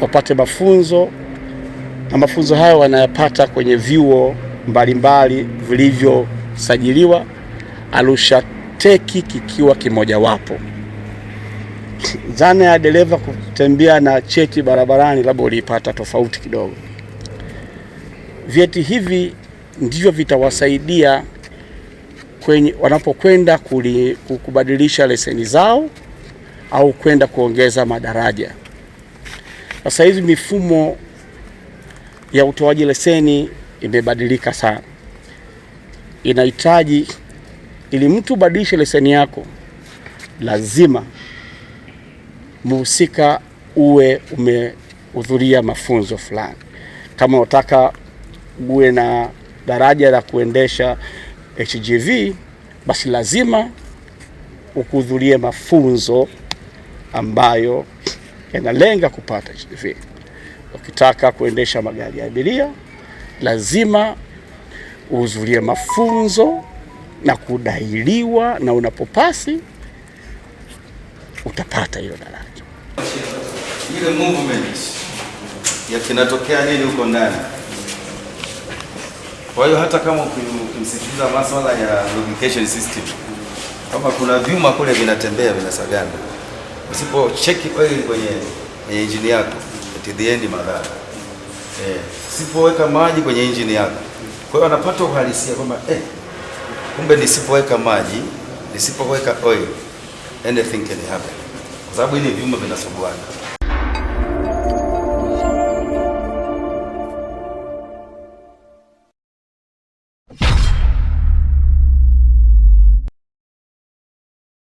wapate mafunzo na mafunzo hayo wanayapata kwenye vyuo mbalimbali vilivyosajiliwa, Arusha Teki kikiwa kimojawapo. Dhana ya dereva kutembea na cheti barabarani labda uliipata tofauti kidogo. Vyeti hivi ndivyo vitawasaidia kwenye wanapokwenda kubadilisha leseni zao au kwenda kuongeza madaraja. Sasa hizi mifumo ya utoaji leseni imebadilika sana, inahitaji ili mtu ubadilishe leseni yako, lazima muhusika uwe umehudhuria mafunzo fulani. Kama unataka uwe na daraja la kuendesha HGV, basi lazima ukuhudhurie mafunzo ambayo yanalenga kupata HDV. Ukitaka kuendesha magari ya abiria, lazima uhudhurie mafunzo na kudahiliwa, na unapopasi utapata hiyo daraja. Ile movement ya kinatokea nini huko ndani. Kwa hiyo hata kama ukimsikiliza masuala ya lubrication system, kama kuna vyuma kule vinatembea vinasagana usipo cheki oil kwenye kwenye injini yako at the end madhara eh, usipoweka maji kwenye injini yako. Kwa hiyo anapata uhalisia kwamba eh, kumbe nisipoweka maji, nisipoweka oil anything can happen, kwa sababu hivi vyuma vinasuguana.